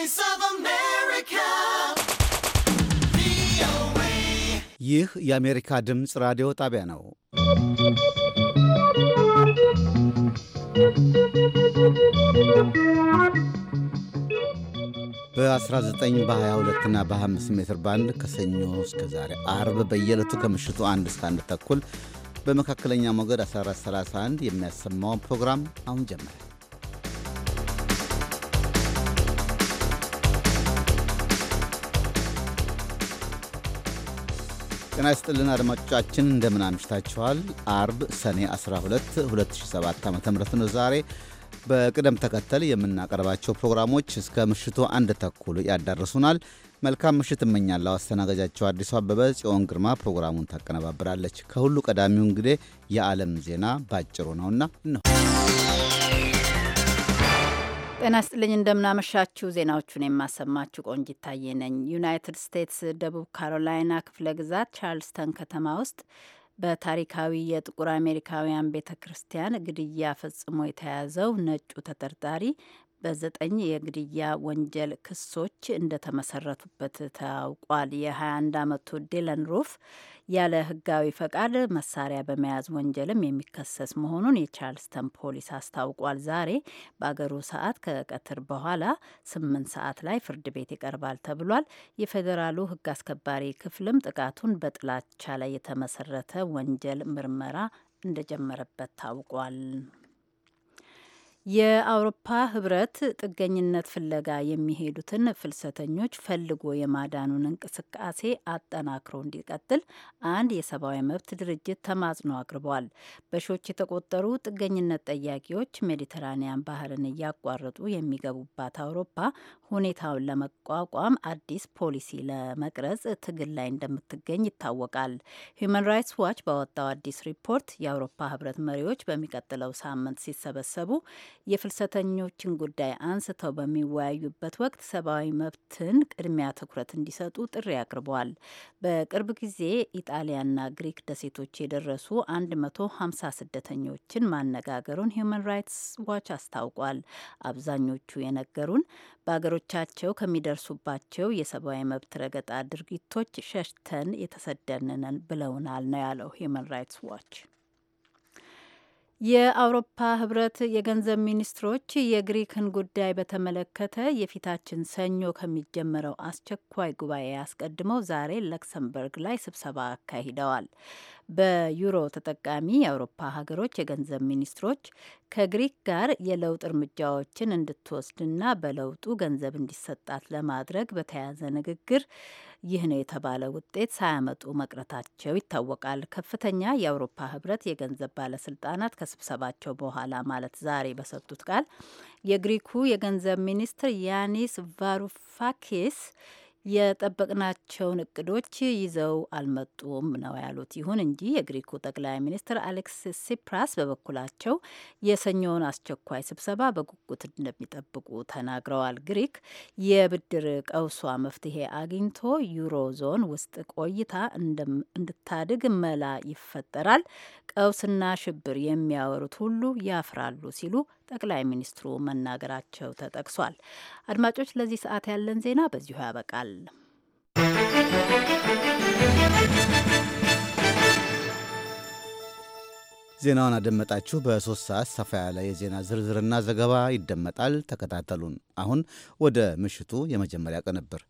Voice ይህ የአሜሪካ ድምፅ ራዲዮ ጣቢያ ነው። በ19 በ22 እና በ25 ሜትር ባንድ ከሰኞ እስከ ዛሬ አርብ በየዕለቱ ከምሽቱ አንድ እስከ አንድ ተኩል በመካከለኛ ሞገድ 1431 የሚያሰማውን ፕሮግራም አሁን ጀመረ። ጤና ይስጥልን አድማጮቻችን፣ እንደምን አምሽታችኋል። አርብ ሰኔ 12 2007 ዓ ም ነው ዛሬ በቅደም ተከተል የምናቀርባቸው ፕሮግራሞች እስከ ምሽቱ አንድ ተኩል ያዳርሱናል። መልካም ምሽት እመኛለሁ። አስተናጋጃቸው አዲሱ አበበ። ጽዮን ግርማ ፕሮግራሙን ታቀነባብራለች። ከሁሉ ቀዳሚው እንግዲህ የዓለም ዜና ባጭሩ ነውና ነው ጤና ስጥልኝ እንደምናመሻችሁ። ዜናዎቹን የማሰማችሁ ቆንጂት ታዬ ነኝ። ዩናይትድ ስቴትስ ደቡብ ካሮላይና ክፍለ ግዛት ቻርልስተን ከተማ ውስጥ በታሪካዊ የጥቁር አሜሪካውያን ቤተ ክርስቲያን ግድያ ፈጽሞ የተያዘው ነጩ ተጠርጣሪ በዘጠኝ የግድያ ወንጀል ክሶች እንደተመሰረቱበት ታውቋል። የ21 ዓመቱ ዲለን ሩፍ ያለ ሕጋዊ ፈቃድ መሳሪያ በመያዝ ወንጀልም የሚከሰስ መሆኑን የቻርልስተን ፖሊስ አስታውቋል። ዛሬ በአገሩ ሰዓት ከቀትር በኋላ ስምንት ሰዓት ላይ ፍርድ ቤት ይቀርባል ተብሏል። የፌዴራሉ ሕግ አስከባሪ ክፍልም ጥቃቱን በጥላቻ ላይ የተመሰረተ ወንጀል ምርመራ እንደጀመረበት ታውቋል። የአውሮፓ ህብረት ጥገኝነት ፍለጋ የሚሄዱትን ፍልሰተኞች ፈልጎ የማዳኑን እንቅስቃሴ አጠናክሮ እንዲቀጥል አንድ የሰብአዊ መብት ድርጅት ተማጽኖ አቅርቧል። በሺዎች የተቆጠሩ ጥገኝነት ጠያቂዎች ሜዲተራኒያን ባህርን እያቋረጡ የሚገቡባት አውሮፓ ሁኔታውን ለመቋቋም አዲስ ፖሊሲ ለመቅረጽ ትግል ላይ እንደምትገኝ ይታወቃል። ሂዩማን ራይትስ ዋች ባወጣው አዲስ ሪፖርት የአውሮፓ ህብረት መሪዎች በሚቀጥለው ሳምንት ሲሰበሰቡ የፍልሰተኞችን ጉዳይ አንስተው በሚወያዩበት ወቅት ሰብአዊ መብትን ቅድሚያ ትኩረት እንዲሰጡ ጥሪ አቅርበዋል። በቅርብ ጊዜ ኢጣሊያና ግሪክ ደሴቶች የደረሱ 150 ስደተኞችን ማነጋገሩን ሂዩማን ራይትስ ዋች አስታውቋል። አብዛኞቹ የነገሩን በሀገሮቻቸው ከሚደርሱባቸው የሰብአዊ መብት ረገጣ ድርጊቶች ሸሽተን የተሰደንነን ብለውናል ነው ያለው ሂዩማን ራይትስ ዋች። የአውሮፓ ህብረት የገንዘብ ሚኒስትሮች የግሪክን ጉዳይ በተመለከተ የፊታችን ሰኞ ከሚጀመረው አስቸኳይ ጉባኤ አስቀድመው ዛሬ ለክሰምበርግ ላይ ስብሰባ አካሂደዋል። በዩሮ ተጠቃሚ የአውሮፓ ሀገሮች የገንዘብ ሚኒስትሮች ከግሪክ ጋር የለውጥ እርምጃዎችን እንድትወስድና በለውጡ ገንዘብ እንዲሰጣት ለማድረግ በተያያዘ ንግግር ይህ ነው የተባለ ውጤት ሳያመጡ መቅረታቸው ይታወቃል። ከፍተኛ የአውሮፓ ህብረት የገንዘብ ባለስልጣናት ከስብሰባቸው በኋላ ማለት ዛሬ በሰጡት ቃል የግሪኩ የገንዘብ ሚኒስትር ያኒስ ቫሩፋኪስ የጠበቅናቸውን እቅዶች ይዘው አልመጡም ነው ያሉት። ይሁን እንጂ የግሪኩ ጠቅላይ ሚኒስትር አሌክስ ሲፕራስ በበኩላቸው የሰኞውን አስቸኳይ ስብሰባ በጉጉት እንደሚጠብቁ ተናግረዋል። ግሪክ የብድር ቀውሷ መፍትሄ አግኝቶ ዩሮ ዞን ውስጥ ቆይታ እንድታድግ መላ ይፈጠራል፣ ቀውስና ሽብር የሚያወሩት ሁሉ ያፍራሉ ሲሉ ጠቅላይ ሚኒስትሩ መናገራቸው ተጠቅሷል። አድማጮች፣ ለዚህ ሰዓት ያለን ዜና በዚሁ ያበቃል። ዜናውን አደመጣችሁ። በሶስት ሰዓት ሰፋ ያለ የዜና ዝርዝርና ዘገባ ይደመጣል። ተከታተሉን። አሁን ወደ ምሽቱ የመጀመሪያ ቅንብር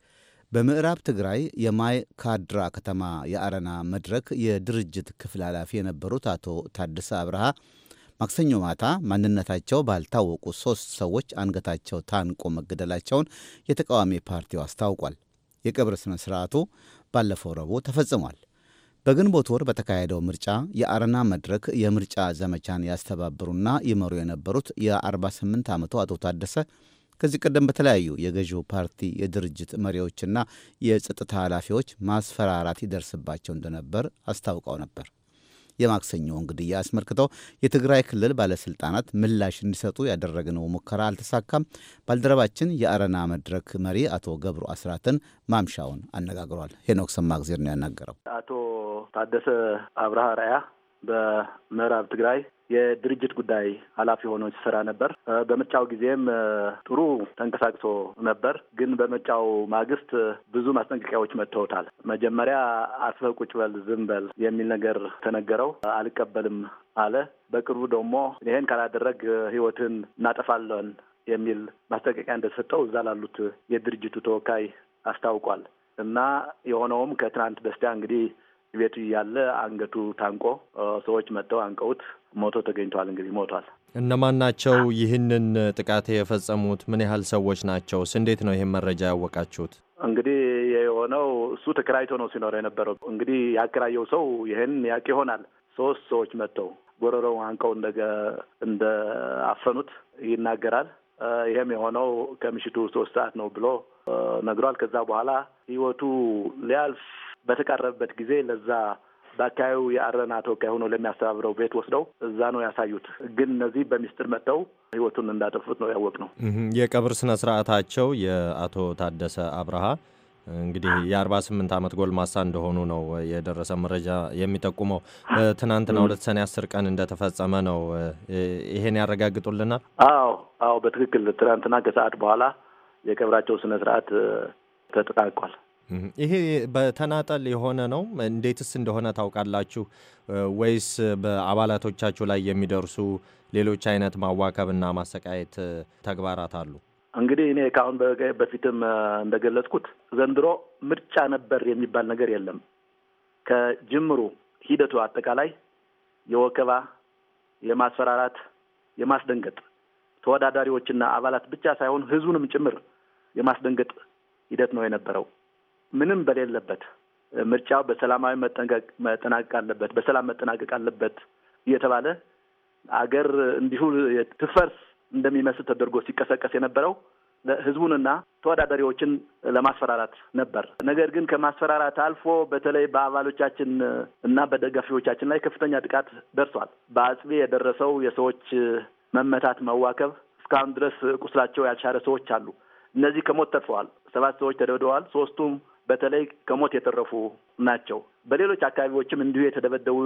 በምዕራብ ትግራይ የማይ ካድራ ከተማ የአረና መድረክ የድርጅት ክፍል ኃላፊ የነበሩት አቶ ታደሰ አብርሃ ማክሰኞ ማታ ማንነታቸው ባልታወቁ ሶስት ሰዎች አንገታቸው ታንቆ መገደላቸውን የተቃዋሚ ፓርቲው አስታውቋል። የቀብር ሥነ ሥርዓቱ ባለፈው ረቡዕ ተፈጽሟል። በግንቦት ወር በተካሄደው ምርጫ የአረና መድረክ የምርጫ ዘመቻን ያስተባብሩና ይመሩ የነበሩት የ48 ዓመቱ አቶ ታደሰ ከዚህ ቀደም በተለያዩ የገዢው ፓርቲ የድርጅት መሪዎችና የጸጥታ ኃላፊዎች ማስፈራራት ይደርስባቸው እንደነበር አስታውቀው ነበር። የማክሰኞውን ግድያ አስመልክተው የትግራይ ክልል ባለስልጣናት ምላሽ እንዲሰጡ ያደረግነው ሙከራ አልተሳካም። ባልደረባችን የአረና መድረክ መሪ አቶ ገብሩ አስራትን ማምሻውን አነጋግሯል። ሄኖክ ሰማግዜር ነው ያናገረው። አቶ ታደሰ አብርሃ ራያ በምዕራብ ትግራይ የድርጅት ጉዳይ ኃላፊ ሆኖ ሲሰራ ነበር። በምርጫው ጊዜም ጥሩ ተንቀሳቅሶ ነበር። ግን በምርጫው ማግስት ብዙ ማስጠንቀቂያዎች መጥተውታል። መጀመሪያ አርፈህ ቁጭ በል፣ ዝም በል የሚል ነገር ተነገረው። አልቀበልም አለ። በቅርቡ ደግሞ ይሄን ካላደረግ ህይወትን እናጠፋለን የሚል ማስጠንቀቂያ እንደተሰጠው እዛ ላሉት የድርጅቱ ተወካይ አስታውቋል። እና የሆነውም ከትናንት በስቲያ እንግዲህ ቤቱ እያለ አንገቱ ታንቆ ሰዎች መጥተው አንቀውት ሞቶ ተገኝቷል። እንግዲህ ሞቷል። እነማን ናቸው ይህንን ጥቃት የፈጸሙት? ምን ያህል ሰዎች ናቸው እንዴት ነው ይህን መረጃ ያወቃችሁት? እንግዲህ የሆነው እሱ ተከራይቶ ነው ሲኖር የነበረው። እንግዲህ ያከራየው ሰው ይህን ያውቅ ይሆናል። ሶስት ሰዎች መጥተው ጎረረው አንቀው እንደገ እንደ አፈኑት ይናገራል። ይሄም የሆነው ከምሽቱ ሶስት ሰዓት ነው ብሎ ነግሯል። ከዛ በኋላ ህይወቱ ሊያልፍ በተቃረበበት ጊዜ ለዛ በአካባቢው የአረና ተወካይ ሆኖ ለሚያስተባብረው ቤት ወስደው እዛ ነው ያሳዩት። ግን እነዚህ በሚስጥር መጥተው ህይወቱን እንዳጠፉት ነው ያወቅ ነው። የቀብር ስነ ስርዓታቸው የአቶ ታደሰ አብርሃ እንግዲህ የአርባ ስምንት ዓመት ጎልማሳ እንደሆኑ ነው የደረሰ መረጃ የሚጠቁመው። ትናንትና ሁለት ሰኔ አስር ቀን እንደተፈጸመ ነው። ይሄን ያረጋግጡልናል? አዎ አዎ፣ በትክክል ትናንትና ከሰዓት በኋላ የቀብራቸው ስነ ስርዓት ተጠናቋል። ይሄ በተናጠል የሆነ ነው? እንዴትስ እንደሆነ ታውቃላችሁ ወይስ በአባላቶቻችሁ ላይ የሚደርሱ ሌሎች አይነት ማዋከብ እና ማሰቃየት ተግባራት አሉ? እንግዲህ እኔ ከአሁን በፊትም እንደገለጽኩት ዘንድሮ ምርጫ ነበር የሚባል ነገር የለም። ከጅምሩ ሂደቱ አጠቃላይ የወከባ፣ የማስፈራራት፣ የማስደንገጥ ተወዳዳሪዎችና አባላት ብቻ ሳይሆን ህዝቡንም ጭምር የማስደንገጥ ሂደት ነው የነበረው። ምንም በሌለበት ምርጫው በሰላማዊ መጠናቀቅ አለበት፣ በሰላም መጠናቀቅ አለበት እየተባለ አገር እንዲሁ ትፈርስ እንደሚመስል ተደርጎ ሲቀሰቀስ የነበረው ህዝቡንና ተወዳዳሪዎችን ለማስፈራራት ነበር። ነገር ግን ከማስፈራራት አልፎ በተለይ በአባሎቻችን እና በደጋፊዎቻችን ላይ ከፍተኛ ጥቃት ደርሷል። በአጽቢ የደረሰው የሰዎች መመታት፣ መዋከብ እስካሁን ድረስ ቁስላቸው ያልሻረ ሰዎች አሉ። እነዚህ ከሞት ተርፈዋል። ሰባት ሰዎች ተደብደዋል። ሶስቱም በተለይ ከሞት የተረፉ ናቸው። በሌሎች አካባቢዎችም እንዲሁ የተደበደቡ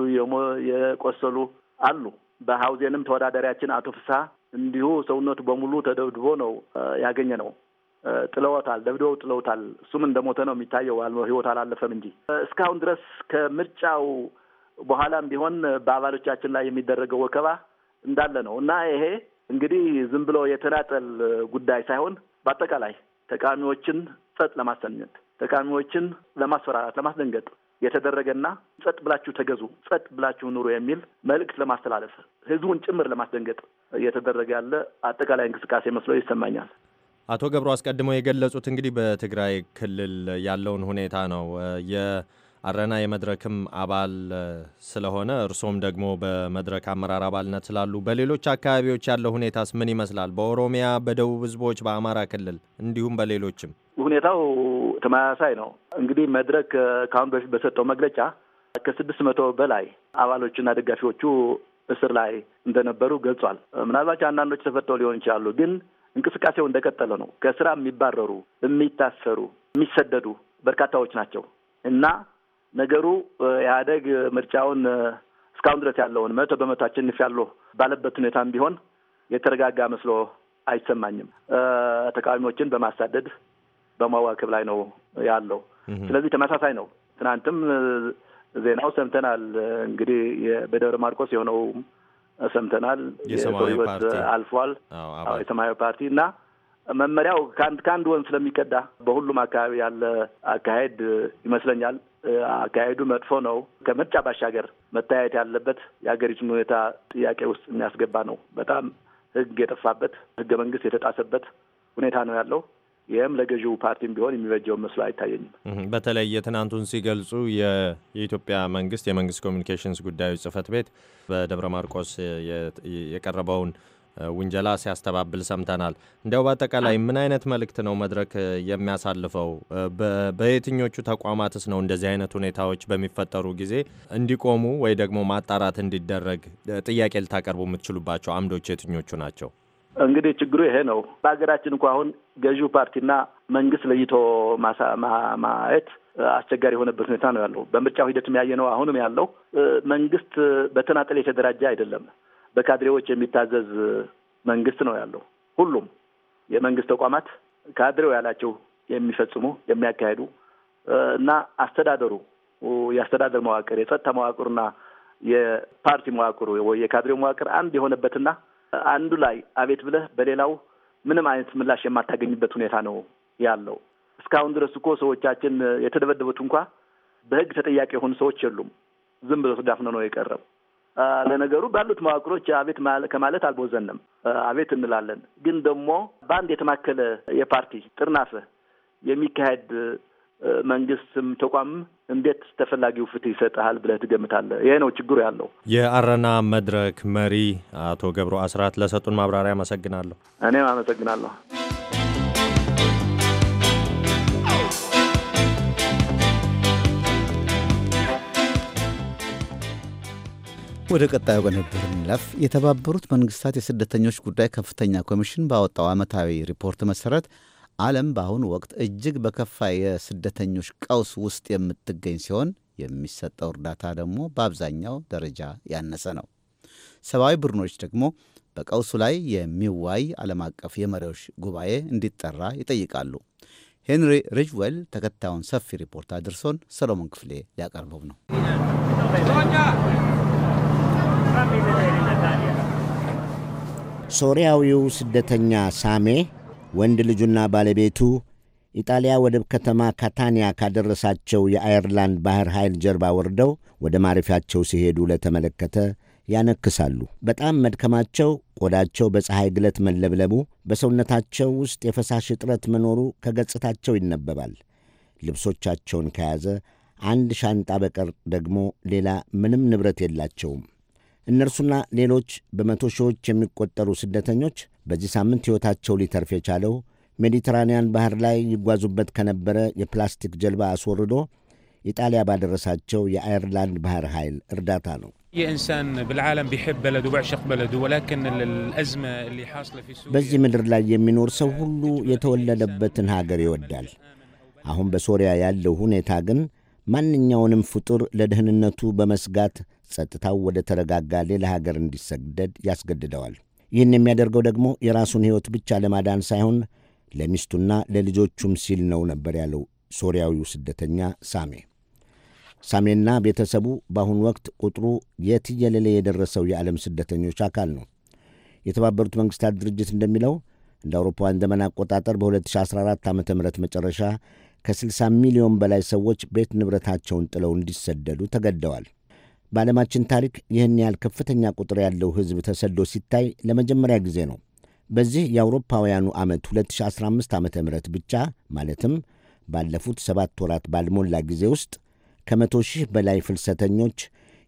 የቆሰሉ አሉ። በሀውዜንም ተወዳዳሪያችን አቶ ፍስሀ እንዲሁ ሰውነቱ በሙሉ ተደብድቦ ነው ያገኘ ነው። ጥለወታል፣ ደብድበው ጥለውታል። እሱም እንደሞተ ነው የሚታየው፣ ህይወት አላለፈም እንጂ እስካሁን ድረስ ከምርጫው በኋላም ቢሆን በአባሎቻችን ላይ የሚደረገው ወከባ እንዳለ ነው እና ይሄ እንግዲህ ዝም ብሎ የተናጠል ጉዳይ ሳይሆን በአጠቃላይ ተቃዋሚዎችን ጸጥ ለማሰኘት ተቃዋሚዎችን ለማስፈራራት፣ ለማስደንገጥ የተደረገና ጸጥ ብላችሁ ተገዙ፣ ጸጥ ብላችሁ ኑሮ የሚል መልእክት ለማስተላለፍ ህዝቡን ጭምር ለማስደንገጥ እየተደረገ ያለ አጠቃላይ እንቅስቃሴ መስሎ ይሰማኛል። አቶ ገብሩ አስቀድመው የገለጹት እንግዲህ በትግራይ ክልል ያለውን ሁኔታ ነው። አረና የመድረክም አባል ስለሆነ እርሶም ደግሞ በመድረክ አመራር አባልነት ስላሉ በሌሎች አካባቢዎች ያለው ሁኔታስ ምን ይመስላል? በኦሮሚያ፣ በደቡብ ህዝቦች፣ በአማራ ክልል እንዲሁም በሌሎችም ሁኔታው ተመሳሳይ ነው። እንግዲህ መድረክ ከአሁን በፊት በሰጠው መግለጫ ከስድስት መቶ በላይ አባሎቹና ደጋፊዎቹ እስር ላይ እንደነበሩ ገልጿል። ምናልባት አንዳንዶች ተፈተው ሊሆን ይችላሉ፣ ግን እንቅስቃሴው እንደቀጠለ ነው። ከስራ የሚባረሩ የሚታሰሩ፣ የሚሰደዱ በርካታዎች ናቸው እና ነገሩ ኢህአደግ ምርጫውን እስካሁን ድረስ ያለውን መቶ በመቶ አሸንፊያለሁ ባለበት ሁኔታም ቢሆን የተረጋጋ መስሎ አይሰማኝም። ተቃዋሚዎችን በማሳደድ በማዋከብ ላይ ነው ያለው። ስለዚህ ተመሳሳይ ነው። ትናንትም ዜናው ሰምተናል። እንግዲህ በደብረ ማርቆስ የሆነው ሰምተናል። የሰው ህይወት አልፏል። የሰማያዊ ፓርቲ እና መመሪያው ከአንድ ከአንድ ወንዝ ስለሚቀዳ በሁሉም አካባቢ ያለ አካሄድ ይመስለኛል አካሄዱ መጥፎ ነው። ከምርጫ ባሻገር መታየት ያለበት የሀገሪቱን ሁኔታ ጥያቄ ውስጥ የሚያስገባ ነው። በጣም ህግ የጠፋበት ህገ መንግስት የተጣሰበት ሁኔታ ነው ያለው። ይህም ለገዢው ፓርቲም ቢሆን የሚበጀውን መስሎ አይታየኝም። በተለይ የትናንቱን ሲገልጹ የኢትዮጵያ መንግስት የመንግስት ኮሚኒኬሽንስ ጉዳዮች ጽህፈት ቤት በደብረ ማርቆስ የቀረበውን ውንጀላ ሲያስተባብል ሰምተናል። እንዲያው በአጠቃላይ ምን አይነት መልእክት ነው መድረክ የሚያሳልፈው? በየትኞቹ ተቋማትስ ነው እንደዚህ አይነት ሁኔታዎች በሚፈጠሩ ጊዜ እንዲቆሙ ወይ ደግሞ ማጣራት እንዲደረግ ጥያቄ ልታቀርቡ የምትችሉባቸው አምዶች የትኞቹ ናቸው? እንግዲህ ችግሩ ይሄ ነው። በሀገራችን እንኳ አሁን ገዢው ፓርቲና መንግስት ለይቶ ማየት አስቸጋሪ የሆነበት ሁኔታ ነው ያለው። በምርጫው ሂደትም ያየነው አሁንም ያለው መንግስት በተናጠል የተደራጀ አይደለም። በካድሬዎች የሚታዘዝ መንግስት ነው ያለው። ሁሉም የመንግስት ተቋማት ካድሬው ያላቸው የሚፈጽሙ የሚያካሄዱ እና አስተዳደሩ የአስተዳደር መዋቅር የጸጥታ መዋቅሩና የፓርቲ መዋቅሩ የካድሬው መዋቅር አንድ የሆነበትና አንዱ ላይ አቤት ብለህ በሌላው ምንም አይነት ምላሽ የማታገኝበት ሁኔታ ነው ያለው። እስካሁን ድረስ እኮ ሰዎቻችን የተደበደቡት እንኳ በህግ ተጠያቂ የሆኑ ሰዎች የሉም። ዝም ብሎ ተዳፍነ ነው የቀረብ ለነገሩ ባሉት መዋቅሮች አቤት ከማለት አልቦዘንም፣ አቤት እንላለን። ግን ደግሞ በአንድ የተማከለ የፓርቲ ጥርናፈ የሚካሄድ መንግስትም ተቋም እንዴት ተፈላጊው ፍትህ ይሰጥሃል ብለህ ትገምታለህ? ይሄ ነው ችግሩ ያለው። የአረና መድረክ መሪ አቶ ገብሩ አስራት ለሰጡን ማብራሪያ አመሰግናለሁ። እኔም አመሰግናለሁ። ወደ ቀጣዩ ቅንብር እንለፍ። የተባበሩት መንግስታት የስደተኞች ጉዳይ ከፍተኛ ኮሚሽን ባወጣው ዓመታዊ ሪፖርት መሠረት ዓለም በአሁኑ ወቅት እጅግ በከፋ የስደተኞች ቀውስ ውስጥ የምትገኝ ሲሆን የሚሰጠው እርዳታ ደግሞ በአብዛኛው ደረጃ ያነሰ ነው። ሰብአዊ ቡድኖች ደግሞ በቀውሱ ላይ የሚዋይ ዓለም አቀፍ የመሪዎች ጉባኤ እንዲጠራ ይጠይቃሉ። ሄንሪ ሪጅዌል ተከታዩን ሰፊ ሪፖርት አድርሶን ሰሎሞን ክፍሌ ሊያቀርበው ነው። ሶሪያዊው ስደተኛ ሳሜ ወንድ ልጁና ባለቤቱ ኢጣሊያ ወደብ ከተማ ካታንያ ካደረሳቸው የአየርላንድ ባህር ኃይል ጀርባ ወርደው ወደ ማረፊያቸው ሲሄዱ ለተመለከተ ያነክሳሉ። በጣም መድከማቸው፣ ቆዳቸው በፀሐይ ግለት መለብለቡ፣ በሰውነታቸው ውስጥ የፈሳሽ እጥረት መኖሩ ከገጽታቸው ይነበባል። ልብሶቻቸውን ከያዘ አንድ ሻንጣ በቀር ደግሞ ሌላ ምንም ንብረት የላቸውም። እነርሱና ሌሎች በመቶ ሺዎች የሚቆጠሩ ስደተኞች በዚህ ሳምንት ሕይወታቸው ሊተርፍ የቻለው ሜዲትራንያን ባህር ላይ ይጓዙበት ከነበረ የፕላስቲክ ጀልባ አስወርዶ ኢጣሊያ ባደረሳቸው የአየርላንድ ባህር ኃይል እርዳታ ነው። በዚህ ምድር ላይ የሚኖር ሰው ሁሉ የተወለደበትን ሀገር ይወዳል። አሁን በሶሪያ ያለው ሁኔታ ግን ማንኛውንም ፍጡር ለደህንነቱ በመስጋት ጸጥታው ወደ ተረጋጋ ሌላ ሀገር እንዲሰደድ ያስገድደዋል። ይህን የሚያደርገው ደግሞ የራሱን ሕይወት ብቻ ለማዳን ሳይሆን ለሚስቱና ለልጆቹም ሲል ነው ነበር ያለው ሶሪያዊው ስደተኛ ሳሜ። ሳሜና ቤተሰቡ በአሁኑ ወቅት ቁጥሩ የትየለሌ የደረሰው የዓለም ስደተኞች አካል ነው። የተባበሩት መንግሥታት ድርጅት እንደሚለው እንደ አውሮፓውያን ዘመን አቆጣጠር በ2014 ዓ ም መጨረሻ ከ60 ሚሊዮን በላይ ሰዎች ቤት ንብረታቸውን ጥለው እንዲሰደዱ ተገደዋል። በዓለማችን ታሪክ ይህን ያህል ከፍተኛ ቁጥር ያለው ሕዝብ ተሰዶ ሲታይ ለመጀመሪያ ጊዜ ነው። በዚህ የአውሮፓውያኑ ዓመት 2015 ዓ ም ብቻ ማለትም ባለፉት ሰባት ወራት ባልሞላ ጊዜ ውስጥ ከመቶ ሺህ በላይ ፍልሰተኞች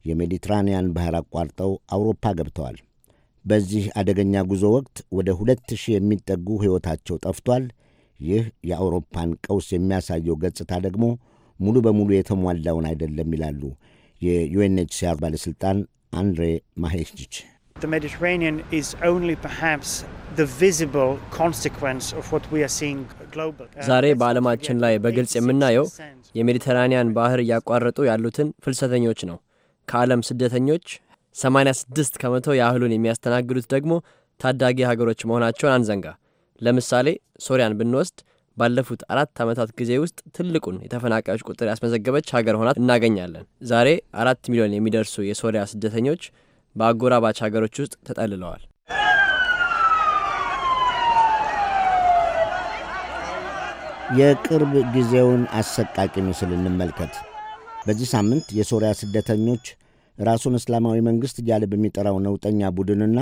የሜዲትራንያን ባህር አቋርጠው አውሮፓ ገብተዋል። በዚህ አደገኛ ጉዞ ወቅት ወደ ሁለት ሺህ የሚጠጉ ሕይወታቸው ጠፍቷል። ይህ የአውሮፓን ቀውስ የሚያሳየው ገጽታ ደግሞ ሙሉ በሙሉ የተሟላውን አይደለም ይላሉ የዩኤንኤችሲአር ባለሥልጣን አንድሬ ማሄችች uh, ዛሬ በዓለማችን ላይ በግልጽ የምናየው የሜዲተራኒያን ባህር እያቋረጡ ያሉትን ፍልሰተኞች ነው። ከዓለም ስደተኞች 86 ከመቶ ያህሉን የሚያስተናግዱት ደግሞ ታዳጊ ሀገሮች መሆናቸውን አንዘንጋ። ለምሳሌ ሶሪያን ብንወስድ ባለፉት አራት ዓመታት ጊዜ ውስጥ ትልቁን የተፈናቃዮች ቁጥር ያስመዘገበች ሀገር ሆና እናገኛለን። ዛሬ አራት ሚሊዮን የሚደርሱ የሶሪያ ስደተኞች በአጎራባች ሀገሮች ውስጥ ተጠልለዋል። የቅርብ ጊዜውን አሰቃቂ ምስል እንመልከት። በዚህ ሳምንት የሶሪያ ስደተኞች ራሱን እስላማዊ መንግሥት እያለ በሚጠራው ነውጠኛ ቡድንና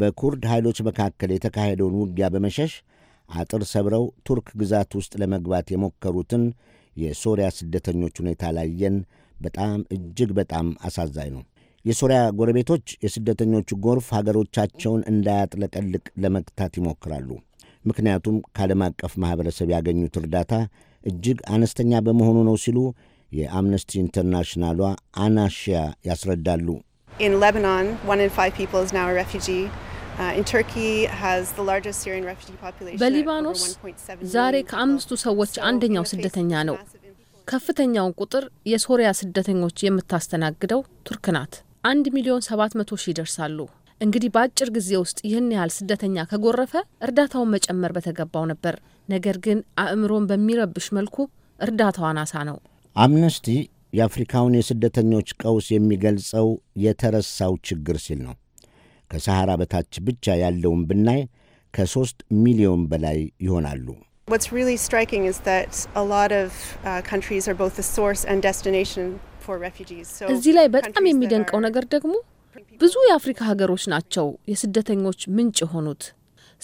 በኩርድ ኃይሎች መካከል የተካሄደውን ውጊያ በመሸሽ አጥር ሰብረው ቱርክ ግዛት ውስጥ ለመግባት የሞከሩትን የሶሪያ ስደተኞች ሁኔታ ላየን በጣም እጅግ በጣም አሳዛኝ ነው። የሶሪያ ጎረቤቶች የስደተኞቹ ጎርፍ ሀገሮቻቸውን እንዳያጥለቀልቅ ለመግታት ይሞክራሉ። ምክንያቱም ከዓለም አቀፍ ማኅበረሰብ ያገኙት እርዳታ እጅግ አነስተኛ በመሆኑ ነው ሲሉ የአምነስቲ ኢንተርናሽናሏ አናሺያ ያስረዳሉ። In Uh, በሊባኖስ ዛሬ ከአምስቱ ሰዎች አንደኛው ስደተኛ ነው። ከፍተኛውን ቁጥር የሶሪያ ስደተኞች የምታስተናግደው ቱርክ ናት። አንድ ሚሊዮን ሰባት መቶ ሺህ ይደርሳሉ። እንግዲህ በአጭር ጊዜ ውስጥ ይህን ያህል ስደተኛ ከጎረፈ እርዳታውን መጨመር በተገባው ነበር። ነገር ግን አእምሮን በሚረብሽ መልኩ እርዳታው አናሳ ነው። አምነስቲ የአፍሪካውን የስደተኞች ቀውስ የሚገልጸው የተረሳው ችግር ሲል ነው። ከሰሐራ በታች ብቻ ያለውን ብናይ ከሶስት ሚሊዮን በላይ ይሆናሉ። uh, እዚህ ላይ በጣም የሚደንቀው ነገር ደግሞ ብዙ የአፍሪካ ሀገሮች ናቸው የስደተኞች ምንጭ የሆኑት።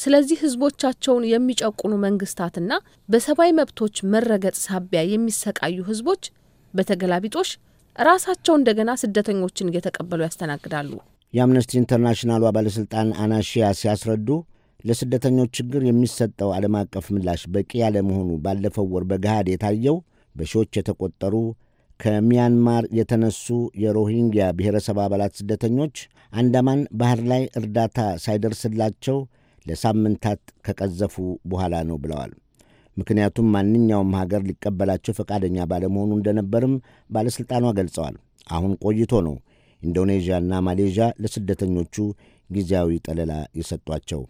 ስለዚህ ህዝቦቻቸውን የሚጨቁኑ መንግስታትና በሰብአዊ መብቶች መረገጥ ሳቢያ የሚሰቃዩ ህዝቦች በተገላቢጦሽ ራሳቸው እንደገና ስደተኞችን እየተቀበሉ ያስተናግዳሉ። የአምነስቲ ኢንተርናሽናሏ ባለሥልጣን አናሺያ ሲያስረዱ ለስደተኞች ችግር የሚሰጠው ዓለም አቀፍ ምላሽ በቂ ያለመሆኑ ባለፈው ወር በገሃድ የታየው በሺዎች የተቆጠሩ ከሚያንማር የተነሱ የሮሂንግያ ብሔረሰብ አባላት ስደተኞች አንዳማን ባህር ላይ እርዳታ ሳይደርስላቸው ለሳምንታት ከቀዘፉ በኋላ ነው ብለዋል። ምክንያቱም ማንኛውም ሀገር ሊቀበላቸው ፈቃደኛ ባለመሆኑ እንደነበርም ባለሥልጣኗ ገልጸዋል። አሁን ቆይቶ ነው ኢንዶኔዥያና ማሌዥያ ለስደተኞቹ ጊዜያዊ ጠለላ የሰጧቸው።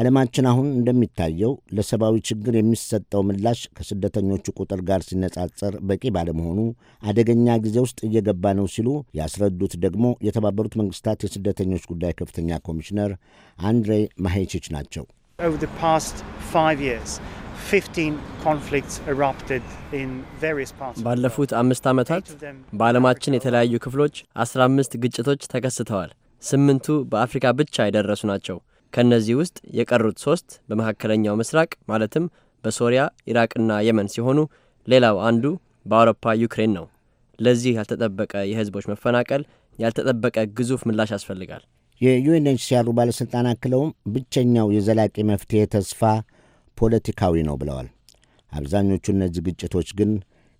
ዓለማችን አሁን እንደሚታየው ለሰብአዊ ችግር የሚሰጠው ምላሽ ከስደተኞቹ ቁጥር ጋር ሲነጻጸር በቂ ባለመሆኑ አደገኛ ጊዜ ውስጥ እየገባ ነው ሲሉ ያስረዱት ደግሞ የተባበሩት መንግስታት የስደተኞች ጉዳይ ከፍተኛ ኮሚሽነር አንድሬ ማሄቺች ናቸው። ባለፉት አምስት ዓመታት በዓለማችን የተለያዩ ክፍሎች 15 ግጭቶች ተከስተዋል። ስምንቱ በአፍሪካ ብቻ የደረሱ ናቸው። ከእነዚህ ውስጥ የቀሩት ሶስት በመካከለኛው ምስራቅ ማለትም በሶሪያ፣ ኢራቅና የመን ሲሆኑ ሌላው አንዱ በአውሮፓ ዩክሬን ነው። ለዚህ ያልተጠበቀ የህዝቦች መፈናቀል ያልተጠበቀ ግዙፍ ምላሽ ያስፈልጋል። የዩኤንኤችሲአሩ ባለሥልጣን አክለውም ብቸኛው የዘላቂ መፍትሔ ተስፋ ፖለቲካዊ ነው ብለዋል። አብዛኞቹ እነዚህ ግጭቶች ግን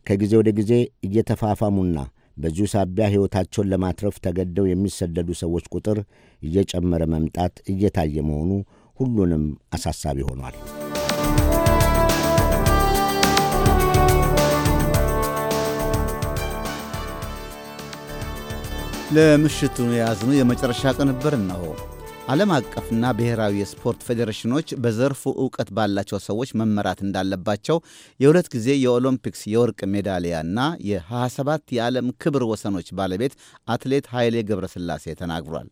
ከጊዜ ወደ ጊዜ እየተፋፋሙና በዚሁ ሳቢያ ሕይወታቸውን ለማትረፍ ተገደው የሚሰደዱ ሰዎች ቁጥር እየጨመረ መምጣት እየታየ መሆኑ ሁሉንም አሳሳቢ ሆኗል። ለምሽቱ የያዝነው የመጨረሻ ቅንብር ነው። ዓለም አቀፍና ብሔራዊ የስፖርት ፌዴሬሽኖች በዘርፉ እውቀት ባላቸው ሰዎች መመራት እንዳለባቸው የሁለት ጊዜ የኦሎምፒክስ የወርቅ ሜዳሊያና የ27 የዓለም ክብር ወሰኖች ባለቤት አትሌት ኃይሌ ገብረስላሴ ተናግሯል።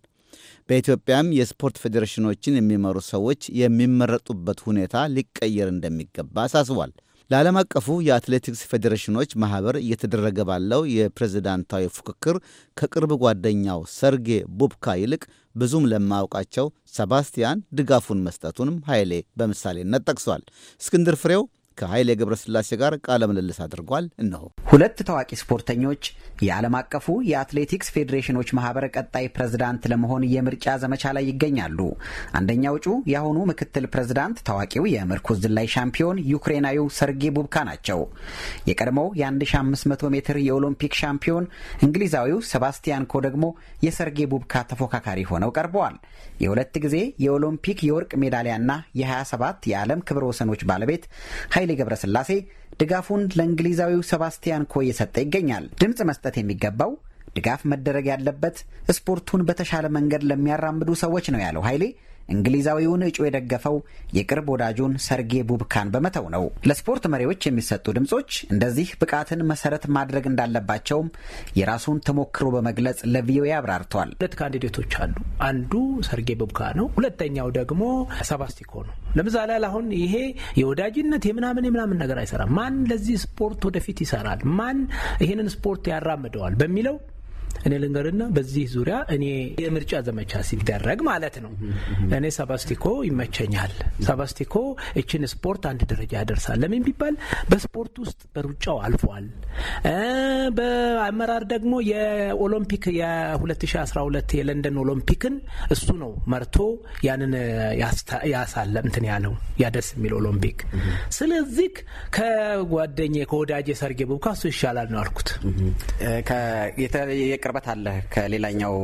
በኢትዮጵያም የስፖርት ፌዴሬሽኖችን የሚመሩ ሰዎች የሚመረጡበት ሁኔታ ሊቀየር እንደሚገባ አሳስቧል። ለዓለም አቀፉ የአትሌቲክስ ፌዴሬሽኖች ማኅበር እየተደረገ ባለው የፕሬዝዳንታዊ ፉክክር ከቅርብ ጓደኛው ሰርጌ ቡብካ ይልቅ ብዙም ለማያውቃቸው ሰባስቲያን ድጋፉን መስጠቱንም ኃይሌ በምሳሌነት ጠቅሷል። እስክንድር ፍሬው ከኃይሌ ገብረስላሴ ጋር ቃለ ምልልስ አድርጓል። እነሆ ሁለት ታዋቂ ስፖርተኞች የዓለም አቀፉ የአትሌቲክስ ፌዴሬሽኖች ማህበር ቀጣይ ፕሬዝዳንት ለመሆን የምርጫ ዘመቻ ላይ ይገኛሉ። አንደኛው እጩ የአሁኑ ምክትል ፕሬዝዳንት ታዋቂው የምርኩዝ ዝላይ ሻምፒዮን ዩክሬናዊው ሰርጌ ቡብካ ናቸው። የቀድሞው የ1500 ሜትር የኦሎምፒክ ሻምፒዮን እንግሊዛዊው ሰባስቲያን ኮ ደግሞ የሰርጌ ቡብካ ተፎካካሪ ሆነው ቀርበዋል። የሁለት ጊዜ የኦሎምፒክ የወርቅ ሜዳሊያና የ27 የዓለም ክብረ ወሰኖች ባለቤት ኃይሌ ኃይሌ ገብረስላሴ ድጋፉን ለእንግሊዛዊው ሰባስቲያን ኮ እየሰጠ ይገኛል። ድምፅ መስጠት የሚገባው ድጋፍ መደረግ ያለበት ስፖርቱን በተሻለ መንገድ ለሚያራምዱ ሰዎች ነው ያለው ኃይሌ እንግሊዛዊውን እጩ የደገፈው የቅርብ ወዳጁን ሰርጌ ቡብካን በመተው ነው። ለስፖርት መሪዎች የሚሰጡ ድምጾች እንደዚህ ብቃትን መሰረት ማድረግ እንዳለባቸውም የራሱን ተሞክሮ በመግለጽ ለቪኦኤ አብራርቷል። ሁለት ካንዲዴቶች አሉ። አንዱ ሰርጌ ቡብካ ነው። ሁለተኛው ደግሞ ሰባስቲኮ ነው። ለምሳሌ አሁን ይሄ የወዳጅነት የምናምን የምናምን ነገር አይሰራም። ማን ለዚህ ስፖርት ወደፊት ይሰራል፣ ማን ይህንን ስፖርት ያራምደዋል በሚለው እኔ ልንገርና በዚህ ዙሪያ እኔ የምርጫ ዘመቻ ሲደረግ ማለት ነው እኔ ሰባስቲኮ ይመቸኛል። ሰባስቲኮ እችን ስፖርት አንድ ደረጃ ያደርሳል። ለምን ቢባል በስፖርት ውስጥ በሩጫው አልፏል። በአመራር ደግሞ የኦሎምፒክ የ2012 የለንደን ኦሎምፒክን እሱ ነው መርቶ ያንን ያሳለ እንትን ያለው ያደስ የሚል ኦሎምፒክ። ስለዚህ ከጓደኛዬ ከወዳጄ ሰርጌ ቡብካ እሱ ይሻላል ነው አልኩት። ቅርበት አለ ከሌላኛው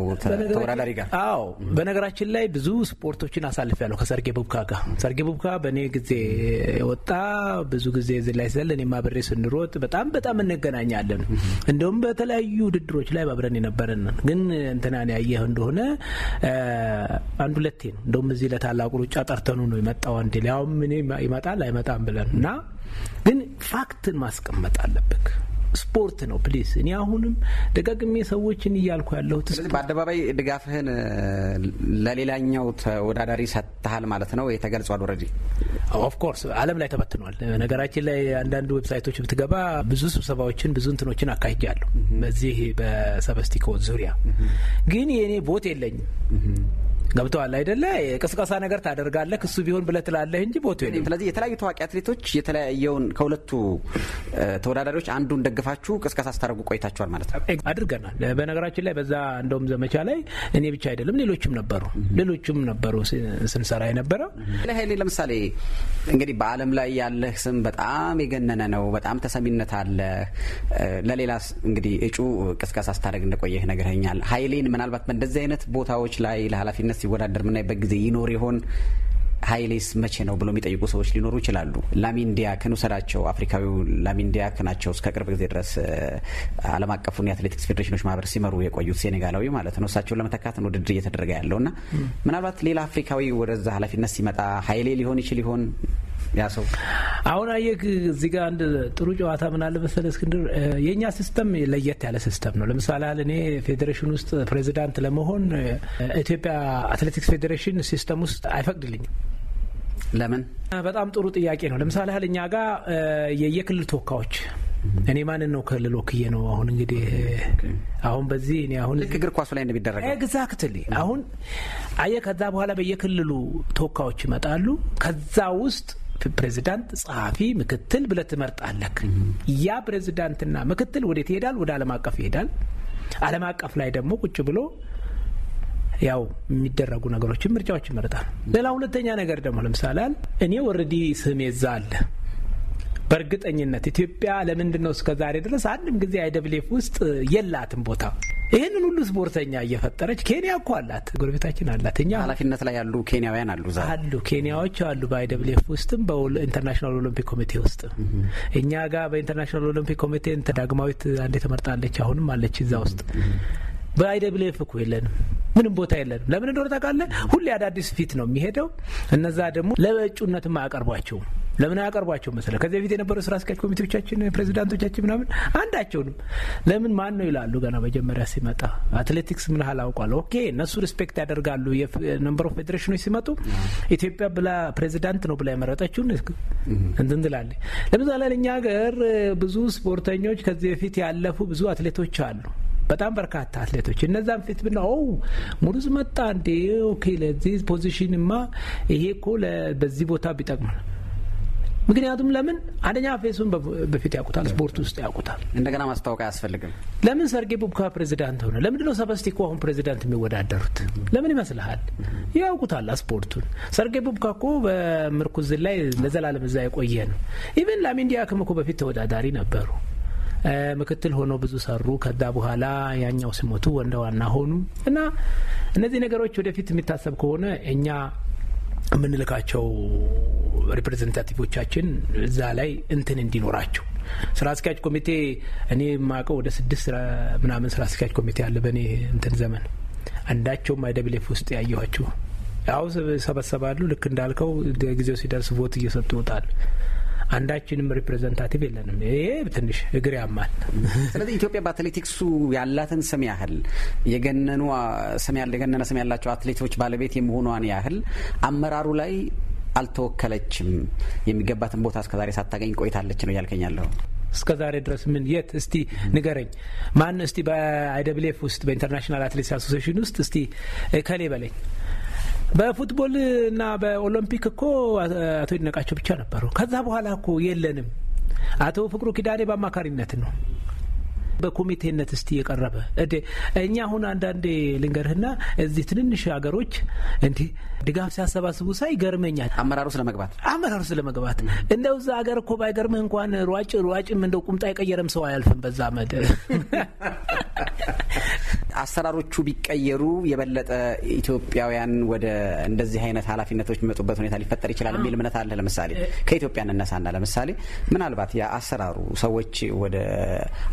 ተወዳዳሪ ጋር። አዎ በነገራችን ላይ ብዙ ስፖርቶችን አሳልፍ ያለሁ ከሰርጌ ቡብካ ጋር። ሰርጌ ቡብካ በእኔ ጊዜ ወጣ ብዙ ጊዜ እዚህ ላይ ስለ እኔ ማብሬ ስንሮጥ በጣም በጣም እንገናኛለን። እንደውም በተለያዩ ውድድሮች ላይ አብረን የነበረን ግን እንትናን ያየህ እንደሆነ አንድ ሁለቴ ነው እንደውም እዚህ ለታላቁ ሩጫ ጠርተኑ ነው የመጣው አንዴ ሊያውም እኔ ይመጣል አይመጣም ብለን እና ግን ፋክትን ማስቀመጥ አለብክ ስፖርት ነው ፕሊስ። እኔ አሁንም ደጋግሜ ሰዎችን እያልኩ ያለሁት በአደባባይ ድጋፍህን ለሌላኛው ተወዳዳሪ ሰጥተሃል ማለት ነው። ይህ ተገልጿል። ኦልሬዲ ኦፍኮርስ ዓለም ላይ ተበትኗል። ነገራችን ላይ አንዳንድ ዌብሳይቶች ብትገባ ብዙ ስብሰባዎችን ብዙ እንትኖችን አካሂጃለሁ በዚህ በሰበስቲኮ ዙሪያ ግን የእኔ ቦት የለኝም ገብተዋል አይደለ? ቅስቀሳ ነገር ታደርጋለህ እሱ ቢሆን ብለህ ትላለህ እንጂ ቦቱ የለም። ስለዚህ የተለያዩ ታዋቂ አትሌቶች የተለያየውን ከሁለቱ ተወዳዳሪዎች አንዱን ደግፋችሁ ቅስቀሳ ስታደርጉ ቆይታችኋል ማለት ነው። አድርገናል። በነገራችን ላይ በዛ እንደውም ዘመቻ ላይ እኔ ብቻ አይደለም ሌሎችም ነበሩ ሌሎችም ነበሩ ስንሰራ የነበረው ሀይሌ ለምሳሌ እንግዲህ በዓለም ላይ ያለህ ስም በጣም የገነነ ነው። በጣም ተሰሚነት አለ። ለሌላ እንግዲህ እጩ ቅስቀሳ ስታደርግ እንደቆየህ ነግረኸኛል። ሀይሌን ምናልባት በእንደዚህ አይነት ቦታዎች ላይ ለኃላፊነት ሲወዳደር የምናይበት ጊዜ ይኖር ይሆን? ሀይሌስ መቼ ነው ብሎ የሚጠይቁ ሰዎች ሊኖሩ ይችላሉ። ላሚን ዲያክን ውሰዳቸው። አፍሪካዊው ላሚን ዲያክ ናቸው። እስከ ቅርብ ጊዜ ድረስ ዓለም አቀፉን የአትሌቲክስ ፌዴሬሽኖች ማህበር ሲመሩ የቆዩት ሴኔጋላዊ ማለት ነው። እሳቸውን ለመተካትን ውድድር እየተደረገ ያለው እና ምናልባት ሌላ አፍሪካዊ ወደዛ ኃላፊነት ሲመጣ ሀይሌ ሊሆን ይችል ይሆን ያ ሰው አሁን አየህ እዚህ ጋር አንድ ጥሩ ጨዋታ ምን አለ መሰለህ እስክንድር፣ የእኛ ሲስተም ለየት ያለ ሲስተም ነው። ለምሳሌ ያህል እኔ ፌዴሬሽን ውስጥ ፕሬዚዳንት ለመሆን ኢትዮጵያ አትሌቲክስ ፌዴሬሽን ሲስተም ውስጥ አይፈቅድልኝም። ለምን? በጣም ጥሩ ጥያቄ ነው። ለምሳሌ ያህል እኛ ጋር የየክልል ተወካዮች እኔ ማንን ነው ክልል ወክዬ ነው አሁን እንግዲህ አሁን በዚህ እኔ አሁን ልክ እግር ኳሱ ላይ እንደሚደረገው ኤግዛክትሊ አሁን አየህ፣ ከዛ በኋላ በየክልሉ ተወካዮች ይመጣሉ። ከዛ ውስጥ ፕሬዚዳንት፣ ጸሐፊ፣ ምክትል ብለህ ትመርጣለህ። ያ ፕሬዚዳንትና ምክትል ወዴት ይሄዳል? ወደ ዓለም አቀፍ ይሄዳል። ዓለም አቀፍ ላይ ደግሞ ቁጭ ብሎ ያው የሚደረጉ ነገሮችን ምርጫዎች ይመርጣል። ሌላ ሁለተኛ ነገር ደግሞ ለምሳሌ እኔ ወረዲ ስሜ እዛ አለ በእርግጠኝነት ኢትዮጵያ ለምንድን ነው እስከ ዛሬ ድረስ አንድም ጊዜ አይደብሌፍ ውስጥ የላትም ቦታ? ይህንን ሁሉ ስፖርተኛ እየፈጠረች ኬንያ እኮ አላት፣ ጎረቤታችን አላት። እኛ ኃላፊነት ላይ ያሉ ኬንያውያን አሉ አሉ ኬንያዎች አሉ በአይደብሌፍ ውስጥም በኢንተርናሽናል ኦሎምፒክ ኮሚቴ ውስጥ እኛ ጋር በኢንተርናሽናል ኦሎምፒክ ኮሚቴ ዳግማዊት አንዴ ተመርጣለች፣ አሁንም አለች እዛ ውስጥ። በአይደብሌፍ እኮ የለንም ምንም ቦታ የለንም። ለምን እንደሆነ ታውቃለህ? ሁሌ አዳዲስ ፊት ነው የሚሄደው። እነዛ ደግሞ ለእጩነትም አያቀርቧቸውም። ለምን አያቀርቧቸው መሰለ ከዚህ በፊት የነበረው ስራ አስኪያጅ ኮሚቴዎቻችን ፕሬዚዳንቶቻችን ምናምን አንዳቸውንም ለምን ማን ነው ይላሉ። ገና መጀመሪያ ሲመጣ አትሌቲክስ ምን ያህል አውቋል። ኦኬ እነሱ ሪስፔክት ያደርጋሉ። ነምበር ኦፍ ፌዴሬሽኖች ሲመጡ ኢትዮጵያ ብላ ፕሬዚዳንት ነው ብላ የመረጠችውን እንትን ትላለች። ለምሳሌ እኛ ሀገር ብዙ ስፖርተኞች ከዚህ በፊት ያለፉ ብዙ አትሌቶች አሉ። በጣም በርካታ አትሌቶች እነዛን ፊት ብና ው ሙሉዝ መጣ እንዴ ኦኬ ለዚህ ፖዚሽንማ ይሄ እኮ በዚህ ቦታ ቢጠቅማል ምክንያቱም ለምን አንደኛ ፌሱን በፊት ያውቁታል፣ ስፖርት ውስጥ ያውቁታል። እንደገና ማስታወቅ አያስፈልግም። ለምን ሰርጌ ቡብካ ፕሬዚዳንት ሆነ? ለምንድነው ሰበስቲኮ አሁን ፕሬዚዳንት የሚወዳደሩት? ለምን ይመስልሃል? ያውቁታል ስፖርቱን። ሰርጌ ቡብካ እኮ በምርኩዝ ላይ ለዘላለም እዛ የቆየ ነው። ኢቨን ላሚን ዲያክም እኮ በፊት ተወዳዳሪ ነበሩ። ምክትል ሆኖ ብዙ ሰሩ። ከዛ በኋላ ያኛው ሲሞቱ ወንደ ዋና ሆኑ እና እነዚህ ነገሮች ወደፊት የሚታሰብ ከሆነ እኛ የምንልካቸው ሪፕሬዘንታቲቮቻችን እዛ ላይ እንትን እንዲኖራቸው ስራ አስኪያጅ ኮሚቴ እኔ የማውቀው ወደ ስድስት ምናምን ስራ አስኪያጅ ኮሚቴ አለ። በእኔ እንትን ዘመን አንዳቸውም አይደብሌፍ ውስጥ ያየኋችሁ አሁ ሰበሰባሉ። ልክ እንዳልከው ጊዜው ሲደርስ ቮት እየሰጡ ይወጣሉ። አንዳችንም ሪፕሬዘንታቲቭ የለንም። ይሄ ትንሽ እግር ያማል። ስለዚህ ኢትዮጵያ በአትሌቲክሱ ያላትን ስም ያህል የገነኑ ስም የገነነ ስም ያላቸው አትሌቶች ባለቤት የመሆኗን ያህል አመራሩ ላይ አልተወከለችም፣ የሚገባትን ቦታ እስከዛሬ ሳታገኝ ቆይታለች ነው እያልከኛለሁ። እስከ ዛሬ ድረስ ምን የት እስቲ ንገረኝ። ማን እስቲ በአይደብሌፍ ውስጥ በኢንተርናሽናል አትሌት አሶሴሽን ውስጥ እስቲ ከሌ በለኝ። በፉትቦል እና በኦሎምፒክ እኮ አቶ ይድነቃቸው ብቻ ነበሩ። ከዛ በኋላ እኮ የለንም። አቶ ፍቅሩ ኪዳኔ በአማካሪነት ነው በኮሚቴነት እስቲ የቀረበ እኛ አሁን አንዳንዴ ልንገርህና እዚህ ትንንሽ ሀገሮች እንዲህ ድጋፍ ሲያሰባስቡ ሳይ ገርመኛል። አመራሩ ስለመግባት አመራሩ ስለመግባት እንደው እዛ ሀገር እኮ ባይገርምህ እንኳን ሯጭ ሯጭም እንደው ቁምጣ የቀየረም ሰው አያልፍም በዛ መድ አሰራሮቹ ቢቀየሩ የበለጠ ኢትዮጵያውያን ወደ እንደዚህ አይነት ኃላፊነቶች የሚመጡበት ሁኔታ ሊፈጠር ይችላል የሚል እምነት አለ። ለምሳሌ ከኢትዮጵያ እንነሳና ለምሳሌ ምናልባት የአሰራሩ ሰዎች ወደ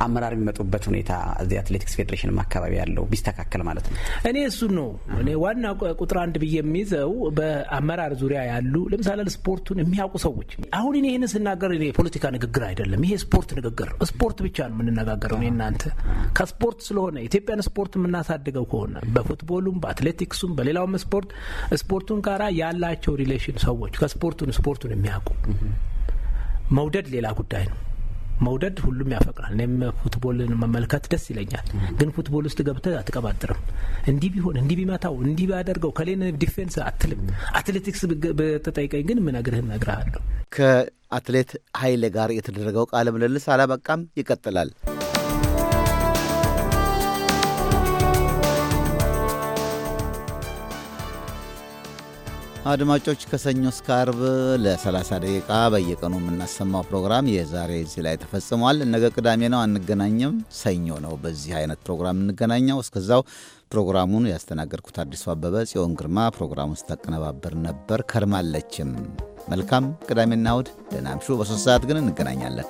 አመራር የሚመጡበት ሁኔታ እዚህ አትሌቲክስ ፌዴሬሽንም አካባቢ ያለው ቢስተካከል ማለት ነው። እኔ እሱ ነው እኔ ዋና ቁጥር አንድ ብዬ የሚይዘው በአመራር ዙሪያ ያሉ ለምሳሌ ስፖርቱን የሚያውቁ ሰዎች አሁን እኔ ይህን ስናገር የፖለቲካ ንግግር አይደለም። ይሄ ስፖርት ንግግር ስፖርት ብቻ ነው የምንነጋገረው። እኔ እናንተ ከስፖርት ስለሆነ ኢትዮጵያን ስፖርት ስፖርት የምናሳድገው ከሆነ በፉትቦሉም በአትሌቲክሱም በሌላውም ስፖርት ስፖርቱን ጋራ ያላቸው ሪሌሽን ሰዎች ከስፖርቱን ስፖርቱን የሚያውቁ መውደድ ሌላ ጉዳይ ነው። መውደድ ሁሉም ያፈቅራል። እኔም ፉትቦልን መመልከት ደስ ይለኛል። ግን ፉትቦል ውስጥ ገብተህ አትቀባጥርም። እንዲህ ቢሆን እንዲህ ቢመታው እንዲህ ቢያደርገው ከሌን ዲፌንስ አትልም። አትሌቲክስ በተጠይቀኝ ግን ምነግርህን እነግርሃለሁ። ከአትሌት ኃይሌ ጋር የተደረገው ቃለ ምልልስ አላበቃም፣ ይቀጥላል። አድማጮች ከሰኞ እስከ አርብ ለ30 ደቂቃ በየቀኑ የምናሰማው ፕሮግራም የዛሬ እዚህ ላይ ተፈጽሟል። ነገ ቅዳሜ ነው፣ አንገናኝም። ሰኞ ነው በዚህ አይነት ፕሮግራም እንገናኘው። እስከዛው ፕሮግራሙን ያስተናገድኩት አዲሱ አበበ፣ ጽዮን ግርማ ፕሮግራሙን ስታቀነባበር ነበር ከርማለችም። መልካም ቅዳሜና እሁድ ደናምሹ። በሶስት ሰዓት ግን እንገናኛለን።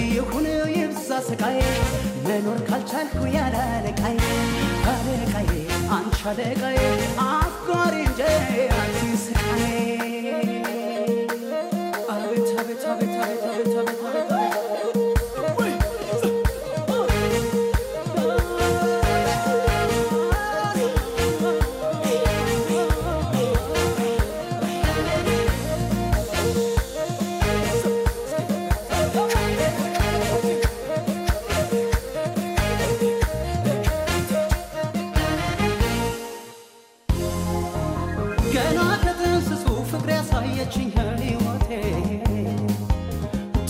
ይሁን ይብዛ ስቃዬ መኖር ካልቻልኩ ያለ አለቃዬ አለቃዬ አንቺ አለቃዬ አፍቃሪ እንጂ አንቺስ